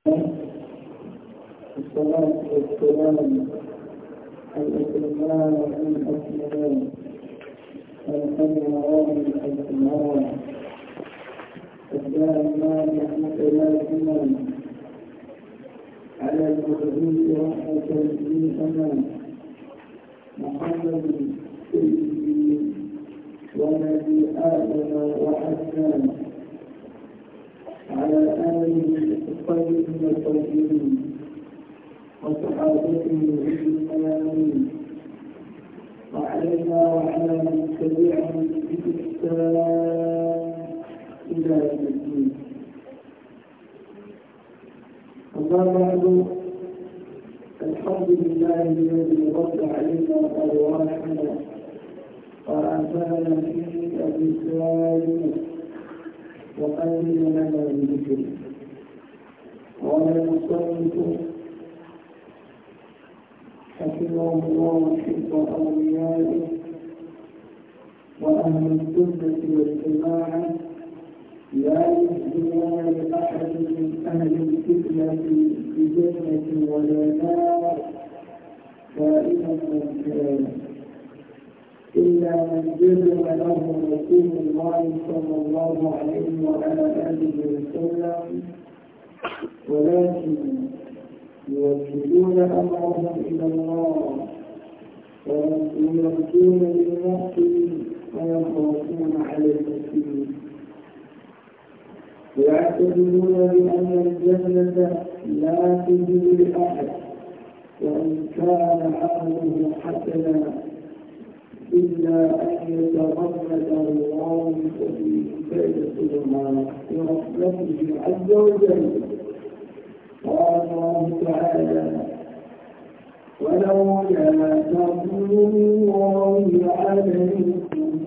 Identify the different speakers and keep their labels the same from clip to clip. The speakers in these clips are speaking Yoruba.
Speaker 1: الصلاة والسلام الإسلام الأسلام الأمران الأسلام الدائمان متلازمان على المغرب رحمة للأمان محمد سيدي ونبي آدم وحسان وعلى آله الطيبين الطيبين وصحابته الأمين وعلينا وعلى من تبعهم بإحسان إلى يوم الدين أما بعد الحمد لله الذي رد علينا أرواحنا وأنفعنا في الإسلام وقلل لنا من ذكره قال المصنف حفظه الله حفظ اوليائه واهل السنه والجماعه لا يسجدون لاحد من اهل الفتنه بجنه ولا نار دائما من إلا من جزم له رسول الله صلى الله عليه وعلى آله وسلم ولكن يوجهون أمرهم إلى الله ويرجون للمحسن ويخافون على المسلمين ويعتقدون بأن الجنة لا تجد لأحد وإن كان عمله حسنا إلا أن يتغمد الله في كتابه برحمته عز وجل قال الله تعالى ولولا فضل الله عليكم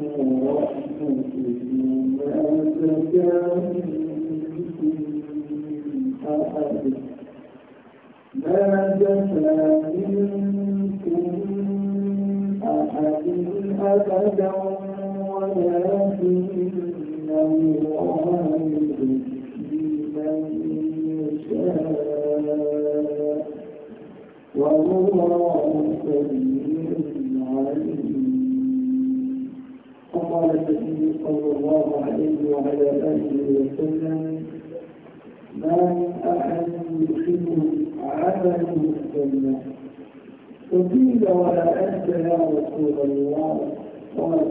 Speaker 1: ورحمته ما زكى منكم أحد ما زكى منكم أحد أبدا ولكن الله يهدي من يشاء والله سميع عليم وقال النبي صلى الله عليه وعلى آله وسلم ما من أحد يدخله عمله وقيل ولا أنت يا رسول الله قال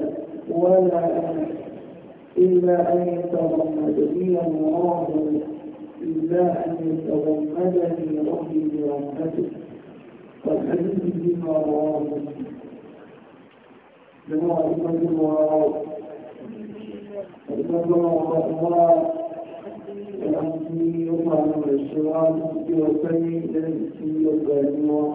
Speaker 1: ولا أنا إلا أن يتغمدني الله إلا أن يتغمدني ربي برحمته فالحديث بما رواه جماعة الإمام رواه الإمام رواه الأمثيل وعلى الشراب في وسيلة في الغنوة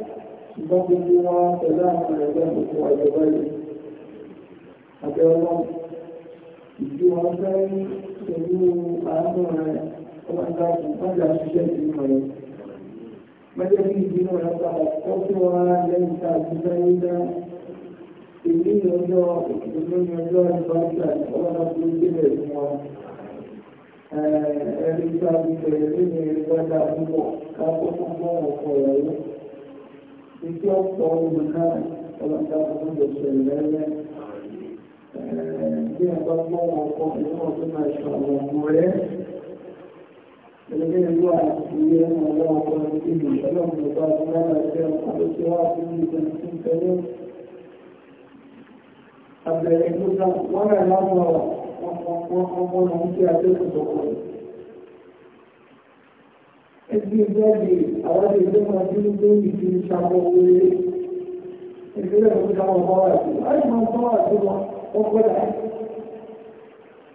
Speaker 1: ṣùgbọ́n wọn pẹ̀lú àwọn ẹ̀gbẹ́ gbogbo àjọba yìí àbẹ̀wọ́n ìdí wọn fẹ́ pẹ̀lú àánú rẹ̀ ọmọ ìgbà ìpàdé ti mọ̀ rẹ̀ mẹ́jẹ́ bí ìdí wọn yàtọ̀ àkọ́kọ́ wọn lẹ́yìn tá a ti fẹ́ ń dá èyí ní ọjọ́ òṣèlú ní ọjọ́ ìbáṣà ọlọ́dà tó ń débẹ̀ fún wọn ẹ̀ẹ́dẹ́gbẹ́ àti ìfẹ̀yẹ̀ lónìí ìrẹ́gbẹ́dà púpọ̀ ká kó fún ọ̀pọ̀ ìyàwó Ìfí ọ̀pọ̀ ohun náà ọlọ́dá ọdún lè ṣẹlẹ̀ rẹ̀. Bí ẹ̀bá gbọ́ wọn kọ́ ìlú ọdún máa ṣe àwọn ọmọ rẹ̀. Ẹgbẹ́ ìlú àti ilé ẹ̀mọ̀ ọlọ́ọ̀kọ́ ìlú ọlọ́ọ̀kọ́ bá ti lára ẹgbẹ́ ọkọ̀ tó ti wá sí ìlú ìgbẹ̀mí tẹ́lẹ̀. Àbẹ̀rẹ̀ ìlú náà wọ́n rẹ̀ láwọn ọmọ ọmọ ọmọ ọmọ ọmọ ẹbí ìjọ́bi àwọn ìjọ́ máa tí ó lórí ti ṣàpọ̀ orí ìpínlẹ̀ tó ṣàpọ̀ bọ́wà sí láì máa bọ́wà sí wọn wọ́n pẹ́lá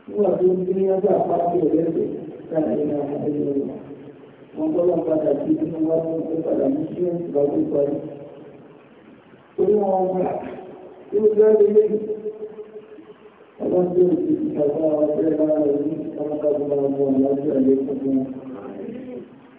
Speaker 1: nígbà tó ń bí ọjọ́ àpapọ̀ ẹ̀lẹ́sẹ̀ láàrin ní àwọn ẹgbẹ́ rẹ̀ wọ́n tọ́lọ́ padà sí inú wá tó ń padà ní sí ìgbà tó parí torí wọn gbà tí ó jẹ́ ilé ọlọ́dún ti ṣàpọ̀ àwọn ọ̀rẹ́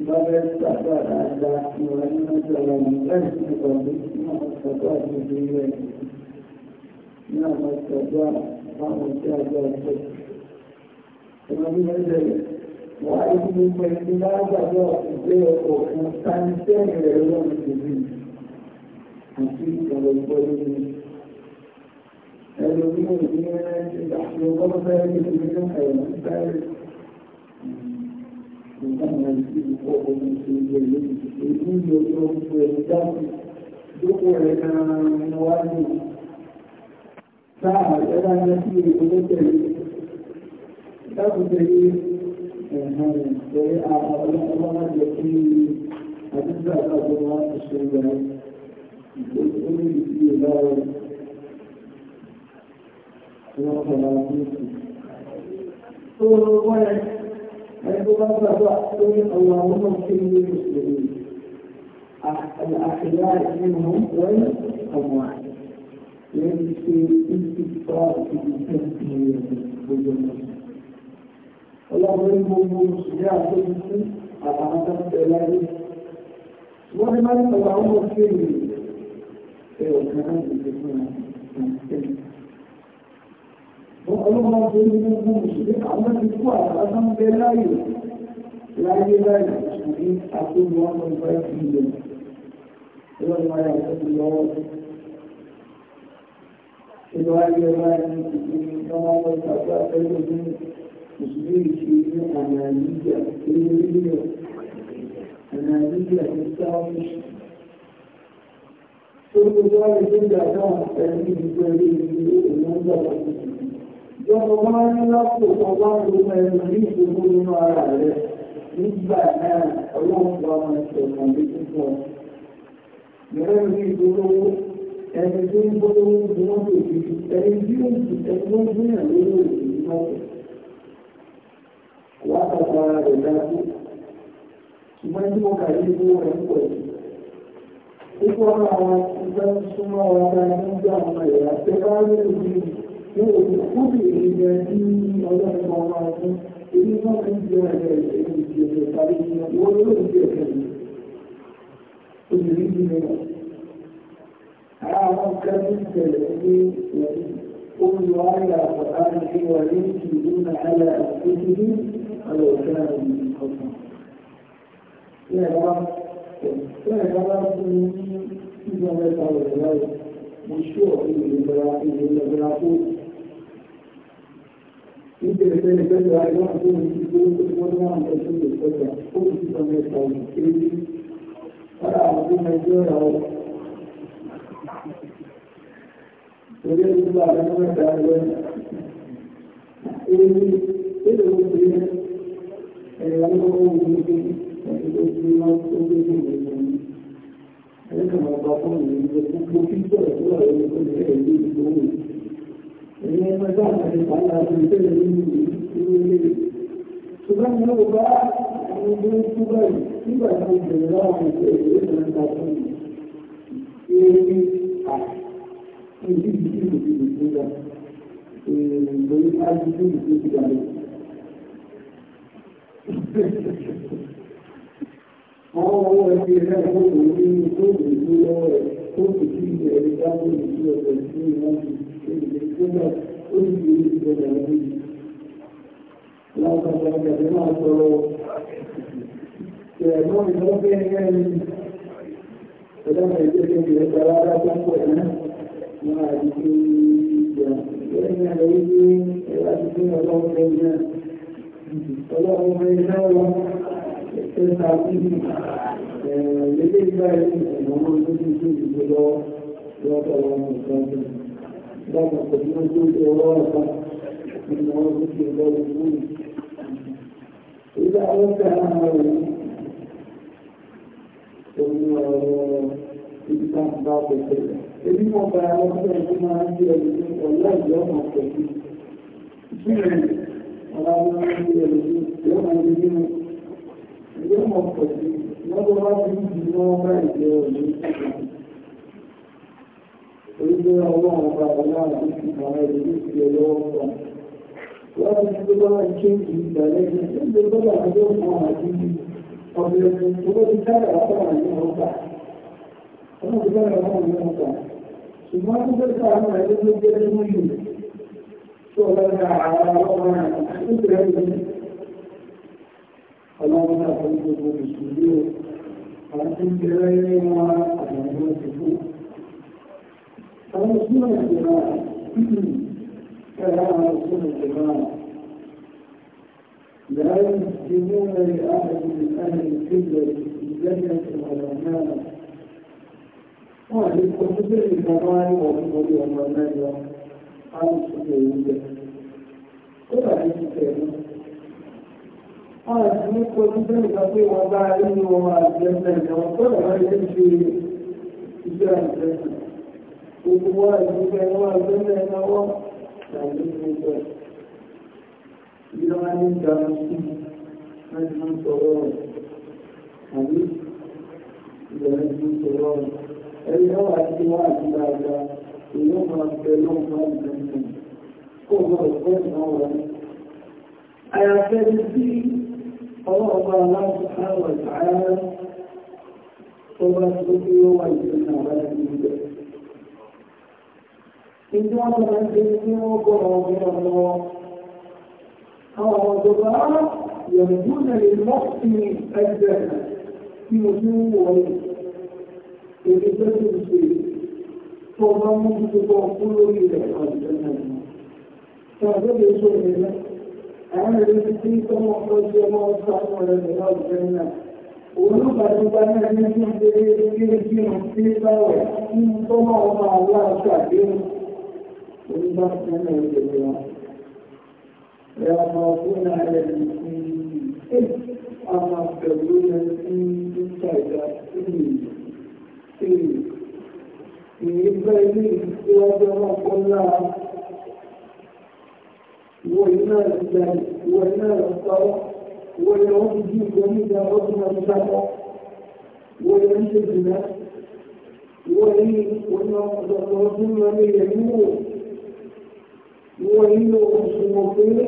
Speaker 1: ìbáfẹ́ sàtọ́ àdáadá ìwà nínú ìṣẹ̀lẹ̀ ní ẹ̀sì ìgbàgbé ní àwọn sàtọ́ àti ìgbéyìí rẹ̀ ní àwọn sàtọ́ àwọn tí a jẹ́ ọ̀sẹ̀. Ìwà nínú ìṣẹ̀lẹ̀ wà á yí gbogbo ẹni bá gbàgbọ́ ìgbé ọkọ̀ fún sáńtẹ́ẹ̀rì rẹ̀ lọ́nà ìdìbò àti ìṣẹ̀lẹ̀ ìgbọ́lé ni. Ẹlòmíràn ní ẹni tí ìgbà tí ó kọ́ ìdáhùn ẹ̀sìn ìfọwọ́ ìṣèlú ìlú èyí ń lo ogun ẹ̀mí dáhùn ìdókò rẹ̀ gan-an ni wá ní sáà ẹ̀dá ní sí ìgbóná tẹ̀lé dáhùn tẹ̀lé ẹ̀hàn ìfẹ́ àwọn ọlọ́pàá láti ẹ̀kí àdúgbò àtàkùn wọn ti ṣe ìgbà ìgbésí ní ìdí ìlọ́wọ́ wọn kọ̀ọ̀lá ní ìsìn. عندما فضحتم اللهم اغفر للمسلمين الأحياء منهم والأموات يمشي استغفار في التنبيه بالجنة اللهم انهم شجاع المسلم أتعرفت إليه وهما اللهم اغفر لي أيوة كمان بالجنة ọlọ́run tó ní gbogbo mùsùlùmí àwọn ti kú àtàlásán ń bẹ láyè láyé láyè ní àtúnwò ọmọ ìgbà ìpínlẹ̀ ọlọ́run ayé àtúnwò lọ́wọ́ ìlú ayé láyé ìpínlẹ̀ ọmọ ọmọ ìgbàgbọ́ àtẹ́lẹ̀ ní mùsùlùmí ìṣe ní àmì àníjà ní orílẹ̀ àmì àníjà ní sáwọn Tó gbogbo ayé tó ń gbà dáhùn pẹ̀lú ìgbẹ́lẹ́ ìlú òun ń gbà wọ́n Ìjọba máa ní lọ́pọ̀ ọgbà gbogbo ẹnu ní ìṣòro nínú ara rẹ̀ nígbà náà ọlọ́pọ̀ ọmọ ìṣẹ̀lẹ̀ ní púpọ̀. Mẹ́rẹ́ ní ìgbólówó, ẹni tó ń gbólówó ní wọ́n tó fi àwọn ìgbẹ́ súnmọ́ ọ̀rọ̀ ẹni nígbà ọmọ ìyá tẹ́lá lórí yóò kúrò ìgbà tí ọlọ́run ọmọ ọdún ilé náà ń jẹ́ ẹ̀rẹ́ ìjẹ̀jẹ̀ tàbí ìwọ̀n olóòrùn jẹ́ ẹ̀rẹ́ obìnrin bí mẹ́rin àwọn kẹ́rin tẹ̀lẹ̀ ní ìwọ̀n قل وعلى القرآن وينكرون على أنفسهم ولو كانوا من قبل. يا رب يا رب إذا نسأل الله مشروع إلى إبراهيم Interesse de Pessoa, eu não tenho instituto de uma pessoa de Pessoa, como se começa o crime para alguma geral. Eu devo falar na verdade, ele, ele não tinha, ele não ouviu, ele não tinha uma pessoa de Pessoa. Ele não estava falando, ele não tinha uma pessoa de Pessoa, ele não tinha uma pessoa de Pessoa ìyẹn àwọn ọmọ ẹgbẹ́ ẹgbẹ́ ìgbà ní tó ìdí lọ́wọ́ tó ìdí ìgbà ẹ̀rí dáwọ́ ìdí ọ̀sẹ̀ sí ìwọ́n ti ìgbésẹ̀ ó sì fi ìgbésẹ̀ lórí. Láwọn ọ̀gá ìgbésẹ̀ náà sọ̀rọ̀ ẹ̀gbọ́n ìgbọ́gbé ẹni ẹ̀dọ́gbẹ̀ ìgbésẹ̀ ìgbésẹ̀ alára tó ń pọ̀ ẹ̀ náà máa di kí ìgbà lẹ́yìn àlọ́ wípé ẹ̀rọ àti kí ọlọ́run fẹ́ iná ọlọ́run fẹ́ iná wọn ẹ̀sẹ̀ sàbí ẹ̀rọ ìgbésẹ̀ ìgbà ẹ̀sìn ọmọ ọdún tó ń gbé ìgbésẹ̀ lọ lọ́tọ̀ wọn nìkan لا تستطيعون إرادة من مواقف الله المؤمن إذا أردت هذا ثم إنسان باطل كذا إذن ما فعلت أنتم عندي الذين والله يوم التوفيق ولا يوم الذين يوم الذين يوم التوفيق ما ضربت منهم ما بعد يوم التوفيق orílẹ̀ ọlọ́run ọba ọlọ́run tó ti àwọn àti ọ̀bẹ owó wọn àti àwọn ọmọ ti فنسمع الجماعة كلام رسول الجماعة لا يسلمون لأحد من أهل القبلة في جنة ولا نار وهذه الكتب الكرام وكتب الرمانية عن سبيل الله قال في كتب الكتب وبعدين وما الجنة وكل ما يمشي في جنة gbogbo wọ́n ìgbẹ́ ẹwà ìgbẹ́lẹ̀ ẹ̀lọ́wọ́ láti gbogbo ẹ̀. ìjọba ní ìjọba sí láti máa ń sọ̀rọ̀ rẹ̀ àbí ìjọba ti ń sọ̀rọ̀ rẹ̀ ẹni ọwà tí wọ́n àti dáadáa èyí máa bẹ lọ́wọ́ ìgbẹ́lẹ̀ kó máa fẹ́ náà wọ̀ àyàfẹ́ sí ọlọ́ọ̀bá aláṣọ àwọn ìtàyà tó bá tó kí ó wà ìgbẹ́lẹ̀ àwọn ìgbẹ́lẹ̀ ìdí wọn lọ ń gbé tí wọ́n gbọ́rọ̀ ọ̀gbọ́n lọ. Àwọn ọ̀dọ́gbà yẹ̀rùbú nà lè mọ́ sí ẹgbẹ́ tí mo tún ń wọ̀ ní èdè tó ti ń ṣe tó bá mú gbogbo ọkú lórí rẹ̀ ọ̀dọ́ náà. Ṣàbẹ́ lè sọ ìrẹ́lẹ́. Àwọn èrè ti tí tọ́mọ ọkọ̀ sí ọmọ ọ̀sá ọmọ rẹ̀ ní ọ̀dọ́ náà. Olúbàdúgbà náà ní kí ń ṣe eré kí ń kí ń sí báwẹ̀ nínú tọ́mọ ọmọ àwọn àṣà àdéhùn. ويخافون على المسلمين أما يقولون إن كذا إن إن وجرى الله وإنا الإسلام وإنا الصلاة ويوم الدين جميل ربنا بشرع ويمشي الناس وإن وإن ربنا يموت wọ́n nílò òṣùwọ̀n péré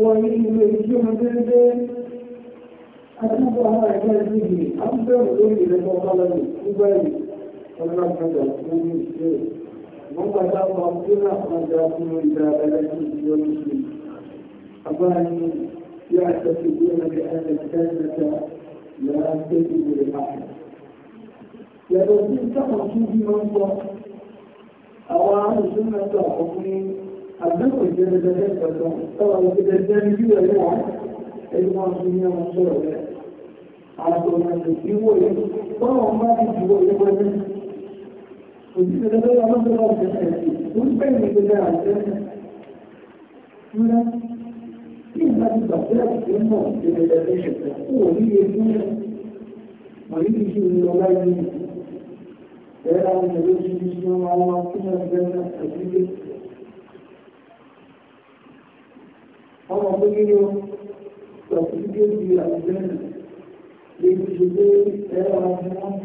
Speaker 1: wọ́n nílò ìṣẹ́ ọmọdé àtúbọ̀ àwọn ẹ̀ka ìdíje àtúbẹ̀rù lórí ìrẹ́pọ̀ pálọ́lù nígbà yìí ọlọ́run padà fún ní ìṣe wọ́n padà wà fún àpàdà fún ìdá ẹlẹ́sìn ìṣe ọmọdé agbára ni bí a tẹ̀sí bí ọmọ ẹ̀ka ẹ̀ka ẹ̀ka lọ́wọ́ tẹ̀sí ìwé rẹ̀ pàtàkì yàtọ̀ sí sáwọn tún bí wọ́n gbọ́ àwọn àrùn mẹ́ta ọkùnrin àgbẹ́kùn ìjẹ́lẹ́gbẹ́lẹ́ pẹ̀lú tọ́wọ́ ìjẹ́lẹ́gbẹ́ ní bí ẹ̀rọ wọn ẹni wọn fi ní ọmọ sọ̀rọ̀ rẹ̀ àtọ̀nàtò ìwò yìí tọ́wọ́ bá ti jùwọ́ ìwọ́ ní òjìṣẹ́ lọ́wọ́ lọ́wọ́ ìjẹ́sẹ̀ tó ń pè ní ìgbẹ́lẹ́ àjẹ́ ńlá tí ìgbà ti gbàgbé àti ìmọ̀ ìjẹ́lẹ́gbẹ́lẹ́ ṣẹ̀fẹ̀ kúrò ní ewu mọ̀ ní ìṣẹ́ ìrọ̀lá yìí Eğer aynı bir şey düşünüyorum Allah'ın üzerine tepkidir. Ama bu geliyor, tepkidir diye üzerine. Bir şekilde eğer Allah'ın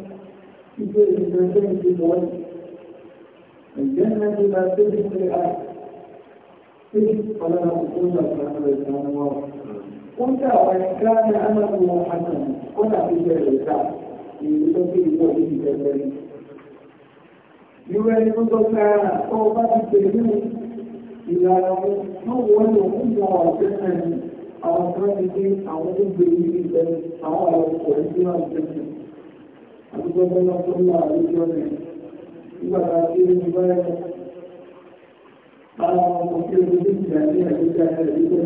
Speaker 1: üzerine tepkidir. الجنة لا تجد لأحد تجد فلا تقول لك هذا قلت وإن كان أمله حسنا قل في شيء يسعد في يسعد في irú ẹni tó tọ́ ká ọ bá ti tẹ̀lé ìlànà fún ìwọ̀n ọ̀sẹ̀ ní ìgbẹ́ àwọn àwọn ọ̀rẹ́ tí wọ́n ti tẹ̀lé. Àdúgbò bọ́lá tó ń lọ àlejò rẹ̀ nígbà tá a ti rí ìgbà ẹ̀ àwọn ọmọ tí ó ti dìjà ní àdúgbò rẹ̀ nígbà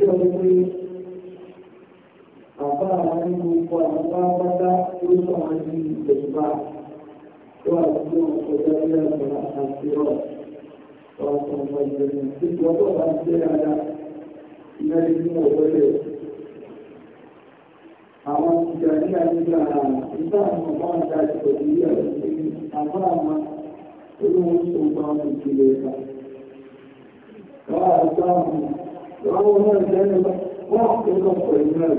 Speaker 1: tí ó àbára nínú ọkọ̀ àwọn pátá tó sọ̀rọ̀ sí ìjọba tó àti ọ̀pọ̀jọ́ bí àgbà àti ọ̀rọ̀ ọ̀pọ̀ ìgbẹ̀rẹ̀ tí wọ́n tó bá jẹ́ ara ìrẹ́lẹ̀ ní ọ̀pọ̀lẹ̀ àwọn ìjà ní àdúgbà nígbà àwọn ọmọ ọ̀gá ìpẹ̀lú ìyàwó ní àbáàmà tó ló ń sọ bá wọn ìpìlẹ̀ ẹ̀ka. Wọ́n àgbà wọn, wọ́n wọ́n náà jẹ́ nípa wọ́n àkókò pẹ̀lú náà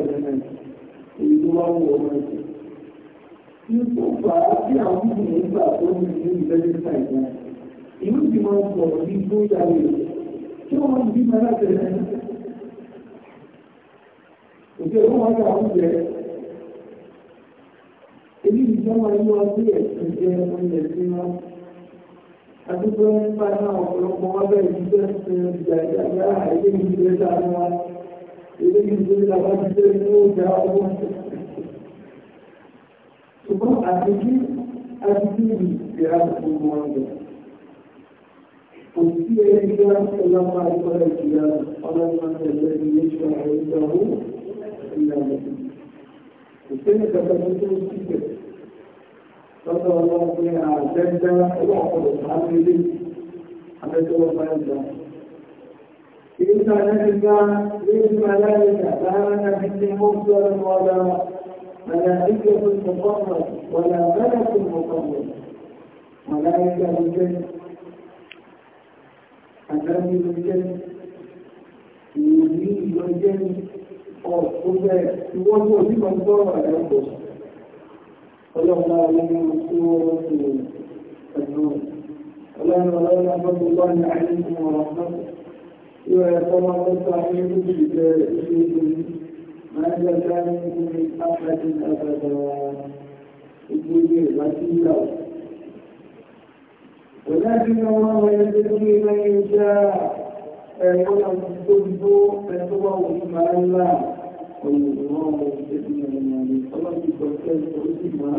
Speaker 1: tó wá wọ ọmọ ẹ̀sẹ̀. Ipò fà á sí àwọn ìgbìmọ̀ nígbà tó ń rìn ní ìlẹ́yìn ṣàìdá. Ìlú ti máa ń sọ̀rọ̀ ní tó yàrá rẹ̀. Kí wọ́n ń bímọ láti rẹ̀? Òjò ìwọ́n wá gbà ń jẹ. Èyí ni ìjọba inú ọdún ẹ̀sìn jẹ́ ọmọ ẹ̀sìn wọn. Adúgbò ń bá náà ọ̀pọ̀lọpọ̀ wá bẹ̀rẹ̀ ìjọba ìṣẹ́ ìjà ìjà ìjà ilé ìjọba wa. Ilé ìjọba wa ti jẹ́ ìjọba ọgbọ́n ṣùgbọ́n àtijọ́ àtijọ́ ìlú ìrà gbogbo wọn lọ. Kò sí ẹni bí wọ́n ṣe lọ́pọ̀ àìkọ́lẹ̀ ìjìyà ọlọ́pàá ẹgbẹ́ ilé iṣẹ́ àwọn ìjọwó ìlànà. Kò sẹ́ni kankan tó tó sí bẹ̀. Lọ́dọ̀ ọlọ́run pé àjẹ́jẹ́ ọwọ́ ọ̀pọ̀lọpọ̀ sáré ilé abẹ́jọ́ ọba ìjọ. Kì í sáré nígbà lórí ìgbà láyé ìgbà lára náà fi ṣe ملائكة مقرب ولا ملك مقرب ملائكة من جنة النبي من جنة يمين من جنة ọ̀pọ̀lọpọ̀ ìwọ́n ní onímọ̀ gbọ́rọ̀ àdápọ̀ ọlọ́pàá alẹ́mọ̀ tí wọ́n rọ́ sí ẹ̀dùn ọlọ́run ọlọ́run abọ́tò bá ní àyíkú ọ̀rọ̀ náà yóò ẹ̀kọ́ máa tọ́ta ayé lójú ìbẹ̀rẹ̀ sí ìlú ما جزاء من أحد أبدا إبني وسيلة ولكن الله يجزي من يشاء أيضا الصدق فيتبع مع الله والله يجزي من يشاء الله يقول كيف يجزي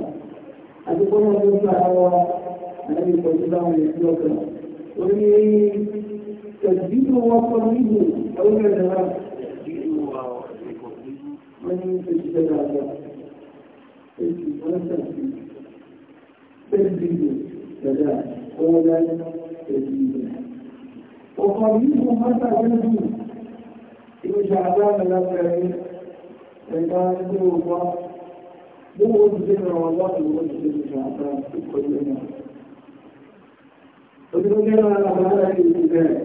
Speaker 1: àtìkọ́nà tó ń sàárọ̀ àlẹ́bí pẹ̀lú láwọn èsì ọ̀kan orí ẹ̀dìdò wọn kọ́ nígbò ọlọ́rẹ̀ ìdára wọ́n ní ìṣẹ́ dáadáa èsì wọ́n sàtì pẹ́ẹ̀lú dada ọwọ́lá èsì ìgbẹ̀ ọkọ̀ yìí wọ́n máa sàgbẹ́lú ìlú ṣàdá mẹ́lẹ́fẹ́rẹ́ ẹ̀ka ẹgbẹ́ ọgbà bí wọ́n ti ṣe ràn wọ́n láti wọ́n ti ṣe ṣàdá ìkọjú náà Ojú tó jẹ́ máa lábára ìlú bẹ̀rẹ̀,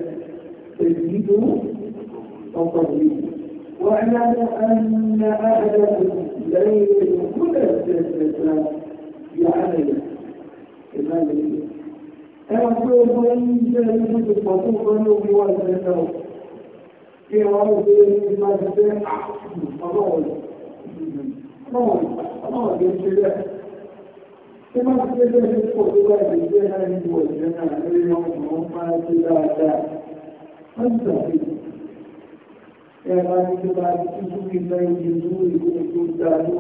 Speaker 1: èsì tó ọkọ̀ yìí. واعلم أن أهلكم لن في الجنة بعمله إمامه أعطوه إن جاءت الخطوة نوم والجنة في عرض المسجد الله الله الله يجزاه كما تجد الخطوة بالجهل والجنة اليوم هم لا أنت فيه ẹ̀rọ ìjọba tuntun fi fẹ́ ìjọba ìlú ètò ìdájọ́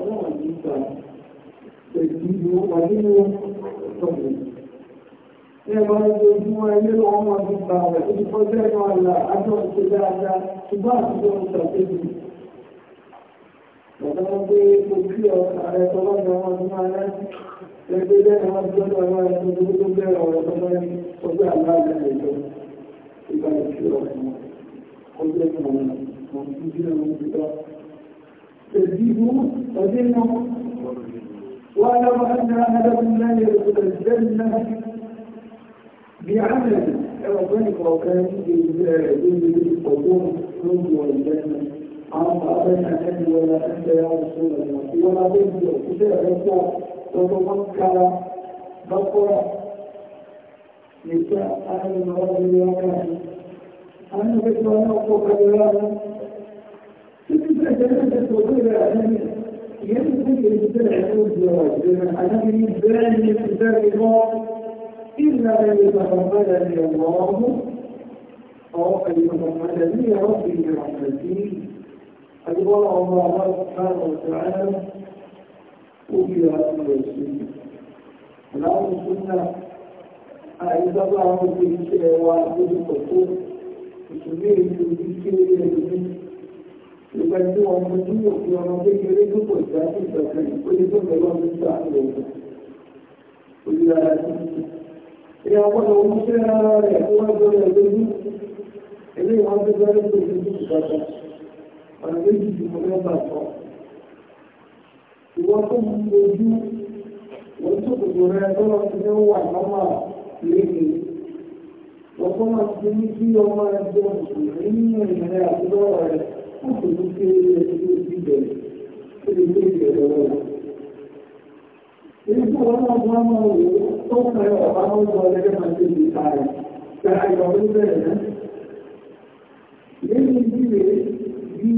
Speaker 1: ọlọ́run nígbà pẹ̀lú ọdún ọ̀tọ̀gbọ̀n. ẹ̀rọ ìjọba ilé ọmọ ọdún bá rẹ̀ ó ti kọjá ẹ̀rọ àlà àjọ ìṣe dáadáa ṣùgbọ́n àtúntò ìṣàkóso. pé ojú ọ̀rẹ́ tọ́lọ́dọ̀ ọdún máa rẹ́ ẹgbẹ́ bẹ́ẹ̀ wọn تزيده وزنه واعلم ان احدكم لا يدخل الجنه بعمل اعطيك وكان يجوز القبور منذ الجنه عرف ابدا انت ولا انت يا رسول الله ولا ضد كتابك وتفكر بقرا نساء اهل الرجل وكان أنا بسم الله أقول إذا تنفس وغير أنني ينفي الإنسان عقول الزواج لمن أنني باني إلا أن يتقبلني الله أو أن يتقبلني ربي برحمته أجبر الله سبحانه وتعالى وفي رسول السنة الأمر السنة أعزة الله في الشيء وعبد القصور تسميه في الشيء ìgbà tí wọn mú sí òfin ọmọ kékeré tó kò sí àti ìgbàkan ìpele tó mẹ́lọ ní sí àpòlò olùdarí ìyá ọgbọ́dọ̀ ohun ṣe ara rẹ̀ tó wá jọ rẹ̀ lójú ilé ìwọ̀n tó bá rí pèsè ní ìgbàkan ọ̀nà méjì tí mo fẹ́ bà sọ ìwọ́n tó mú ojú wọ́n tó kòkò rẹ̀ tó lọ sí ní wà lọ́wọ́ léde wọ́n máa ti ní kí ọmọ ẹgbẹ́ òṣèlú nínú ìrìnlẹ̀ àti lọ́wọ́ rẹ̀ kókò ló ké ẹni tó ti bẹ̀rẹ̀ tó lè gbé ìbẹ̀rẹ̀ lọ. Èyí tó wọn náà wọn máa wò ó tó kẹrẹ ọ̀bá wọn lọ lẹ́gbẹ́ máa ṣe lè ta rẹ̀ gba ìwà ló bẹ̀rẹ̀ náà. Lẹ́yìn ìdílé bí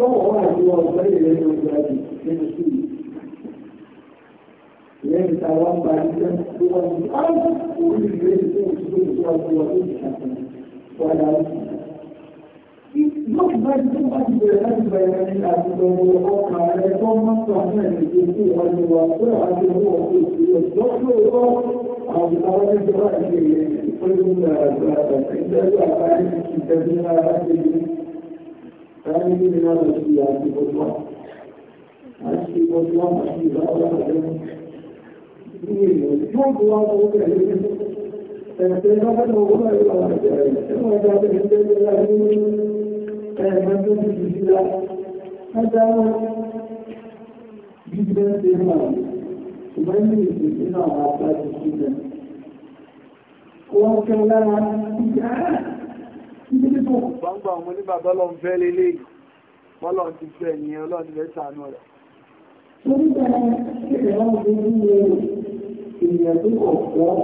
Speaker 1: ó lẹ́yìn tí àwọn bá ní jẹ́ tó wà ní àwọn orílẹ̀ èdè tó ń tó tó wà tó wà tó ti ṣàkóso wàdà òsì. Lọ́pù bá ti tó bá ti bẹ̀rẹ̀ láti bẹ̀rẹ̀ ní àtúntò ọkà rẹ̀ tó máa ń tọ́ àwọn ẹ̀rẹ̀ tó wà ní wà tó wà ní owó ọkọ̀ òṣèlú lọ́pù lọ́wọ́ àwọn àwọn ẹgbẹ́ wà ní ilẹ̀ pẹ̀lú ìdájọ́ àbáyé ìtẹ̀lé ara ṣe ní láti ní ìlànà sí àti gbogbo àti gbogbo àti ìgbà ọlọ́pàá yóò bó wá lọ́wọ́ pẹ̀lú ẹ̀sẹ̀ lọ́gbọ́n owó ẹ̀rọ àwọn ẹ̀jẹ̀ rẹ̀ tí wọ́n dá bẹ̀rẹ̀ ń tẹ́lẹ̀ láti ní ẹ̀rọ tó ti fi síra wọ́n dá wọn jíjẹ́ ń tẹ́lẹ̀ náà ṣùgbọ́n ní ìpèsè náà wọ́n bá ti sí bẹ̀. wọ́n kẹ́ lára fẹ́ lélé yìí, ti fẹ́ ẹ̀yìn ọlọ́run ti rẹ̀. Orí bẹ̀rẹ̀ ìrẹ̀ ọmọ ènìyàn tó kọ̀ pọ̀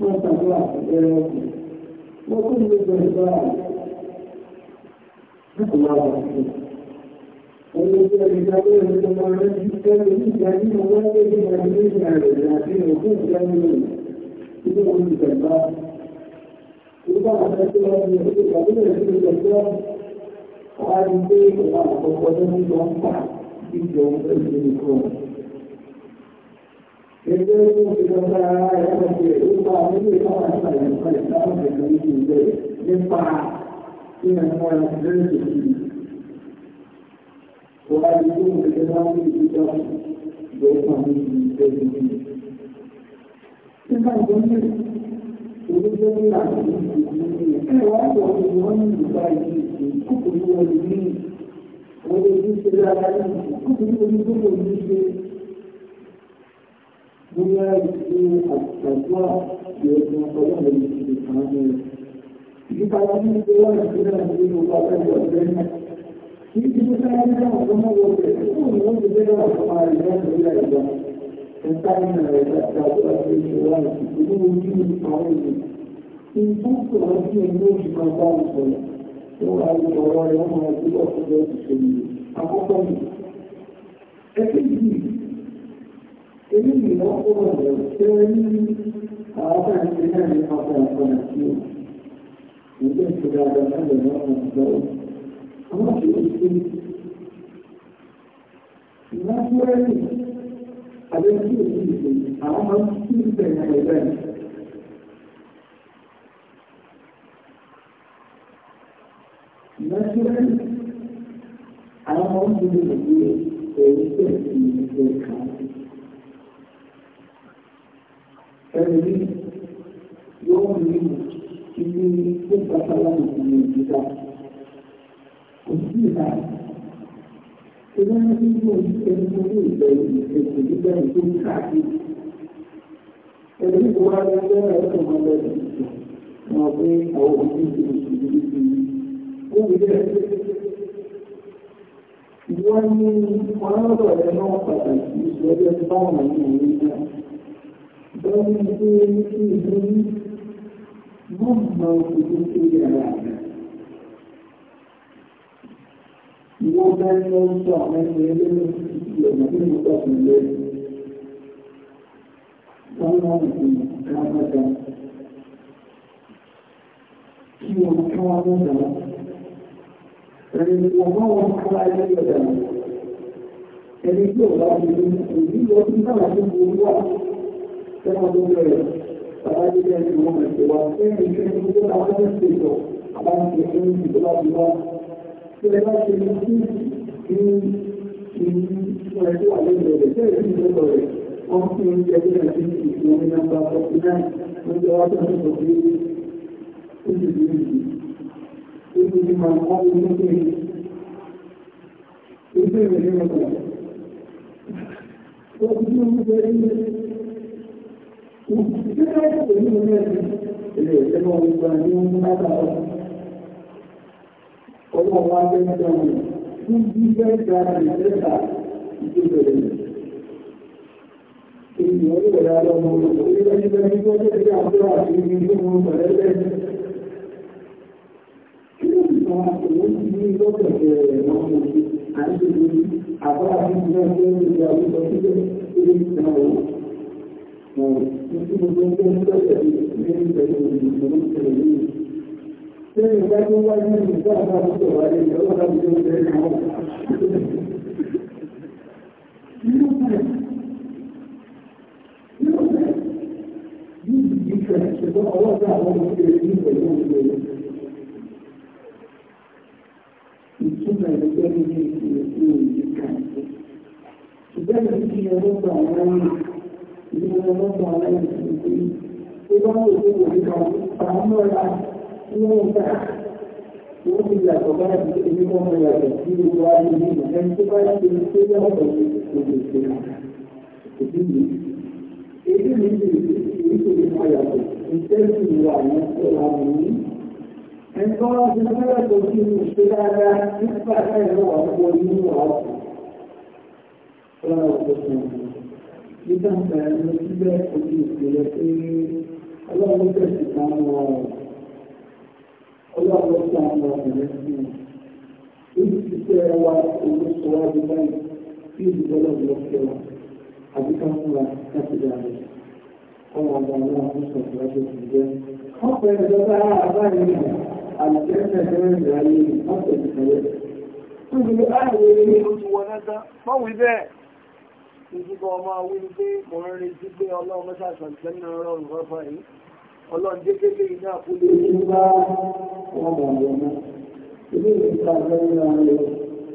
Speaker 1: wọ́n tàbí àtẹ̀lẹ́ ọ̀gbìn wọ́n tó lè bẹ̀rẹ̀ báyìí nípa wà lọ́sí. Ẹni tí a lè gba pé ẹni tó máa rẹ̀ ti tẹ́lẹ̀ ní ìgbà nínú wọ́n lé ní ìgbà nínú ìgbà rẹ̀ àti òkú ìgbà nínú ìgbà wọn ti tẹ̀lá. Nígbà wọn tẹ́lẹ̀ tó wọ́n ti rẹ̀ tó tàbí rẹ̀ tó lè tẹ̀lá. Wọ́n á rí pé ìwà àkọ́kọ́ tó ń lọ ń pa ìjọ òun pẹ̀lú ìkọ́. 也就是这个大家要解读到因为老板本人和消费者的应对，因把因为他们认识你，我把你用的这方面比较有方面对你。现在我们我们这里啊，在网友的我们在一起，不鼓励我们，我也是觉得不鼓励我们，不鼓励。bóyá ìṣe àtàgbà ìrẹsìn ọlọ́run lè ṣe kàn án rẹ̀. Ìgbà wọn ní ìgbé wọn ní ìgbé náà èyí ni wọ́n kó ọ̀rọ̀ ṣe ní àwọn àti náà ní ọ̀pọ̀ àpọ̀nà tí ó ìgbé ti dáadáa lọ́dọ̀ náà ọ̀dọ́ àwọn tí ó ṣe ìlàkúrẹ́lì àbẹ́sí òbí ìṣe àwọn máa ń kí ìbẹ̀rẹ̀ ẹ̀rẹ́ ìlàkúrẹ́lì àwọn máa ẹni ní yóò rí ilé tó gbàgbà láti fi ní ìgbéga kò sí ìta ìlú ẹni tí yóò rí ẹni tó ní ìgbẹ́ ìgbẹ́ ìgbẹ́ tó ń káàkiri ẹni tí wọ́n á lọ ẹ̀rọ tó máa lọ sí wọn pé àwọn òbí ti ní ìdílé ti ní wọ́n rí ẹ̀ ní ọlọ́dọ̀ ẹ̀ náà pàtàkì ìṣẹ́jẹ́ báwọn àwọn ìwé náà don ẹni tí ò bá ti rí ìlú ọdún wà Tẹ́kọ̀ tó bẹ̀rẹ̀, bàbá jẹ́ jẹ́ ìlú wọn ẹ̀sẹ̀ wa, ṣé ìṣẹ́ ìlú tó bá wọ́n ṣe ìṣọ̀, àbá ń ṣe ìlú ìlú bá ti wá. Ṣé ẹ bá ṣe ní sí ní ìlú ẹ̀ tó wà lẹ́gbẹ̀ẹ́ rẹ̀, ṣé ìlú ìjọba rẹ̀, wọ́n fi ń jẹ́ jẹ́ àti ìlú ní nàmbà 49, wọ́n jẹ́ wá tó ń sọ pé ó ti di ìlú. Ó ti di máa kọ́ inú pé ó bẹ̀rẹ̀ nínú ọ̀gá. Ó ti di Ọlọ́run wá jẹ́ ìjọba fún jíjẹ́ ìjọba ìjẹta ìjọba ìjọba ìjọba ọmọ orílẹ̀ ìjọba ìjọba ìjọba àbúrò àti ìjọba pẹ̀lẹ́lẹ́. Kí ló ti sọ àwọn ìlú lọ́pẹ̀ ẹ̀rẹ̀ wọn mú àti ìjọba àbúrò àti ìjọba ìjọba ìjọba ìjọba Tẹ́lẹ̀ ìgbàgbọ́ wáyé ìjọba àbúkọ̀ wáyé ìjọba tó yàtọ̀ òkèkè òbí mi. Èyí mi lè èyí tó lè máa yàtọ̀ ìtẹ́sí ìwà yẹn tó wà nìyí. Ẹ̀ńtọ́ ti máa yàtọ̀ sí inú ìṣe dáadáa nípa ẹ̀rọ àwọn inú àwọn ọ̀rọ̀ ọ̀pọ̀lọpọ̀. Nígbà tí a lọ síbẹ̀ ojú ìpìlẹ̀ pé ọlọ́run tẹ̀sí kan wọ̀ ọlọ́run tẹ̀sí àwọn ọ̀rẹ́ sí wọn iṣẹ́ wa òun sọ wá di báyìí tí ìdílé ọlọ́run lọ fẹ́ wa àbí ká fúnra láti dá rẹ̀ ọmọ ọmọ náà ń sọ fún ẹgbẹ́ tó jẹ́. wọ́n pẹ̀ ẹ̀jọ́ bá àbáyé rẹ̀ àlùfẹ́ ẹ̀jẹ̀ rẹ̀ ayé rẹ̀ wọ́n pẹ̀ ìkàwé. Níbi láàrin ilé ojú wọn lẹ́gbẹ́, wọ́n wí bẹ́ẹ̀. Ìjúbọ ọmọ awí ń gbé mò ń retí pé ọlọ́run mẹ́ta ṣàǹtẹ́ náà rọrùn fọ́fọ́ yìí. Ọlọ́run jẹ́ kéde iná àkúlé. Ìjúbọ ọmọ àwọn ọmọ, ilé ìgbà lẹ́yìn àwọn ẹ̀rọ.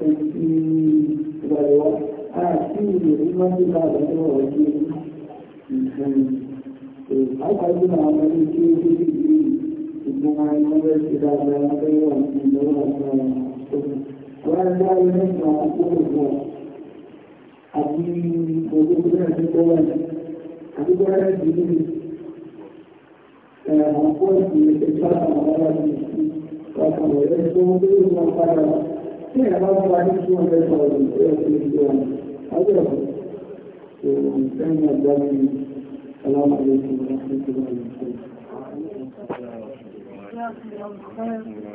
Speaker 1: ètí ìgbàlẹ̀wá àti ìlú níwájú láàrín ọ̀rọ̀ ọdún ìfún àgbàjú àwọn ọmọ ní kí ó dé ìlú ìgbìmọ̀ àwọn ọmọ ẹ̀sìn dáadáa lọ́wọ́ àti ìnáwó àwọn ọmọ wọn ń dá ilé nípa àkókò wọn àti òkúkú náà ti kọ́ wọn àti kọ́ wọn ti ní àwọn pọ́ọ̀sì ìpàdé àwọn ọmọ ẹ̀sìn ọkọ̀ ẹ̀sìn tó ń gbé wọn padà ní ìyàbá tó wá ní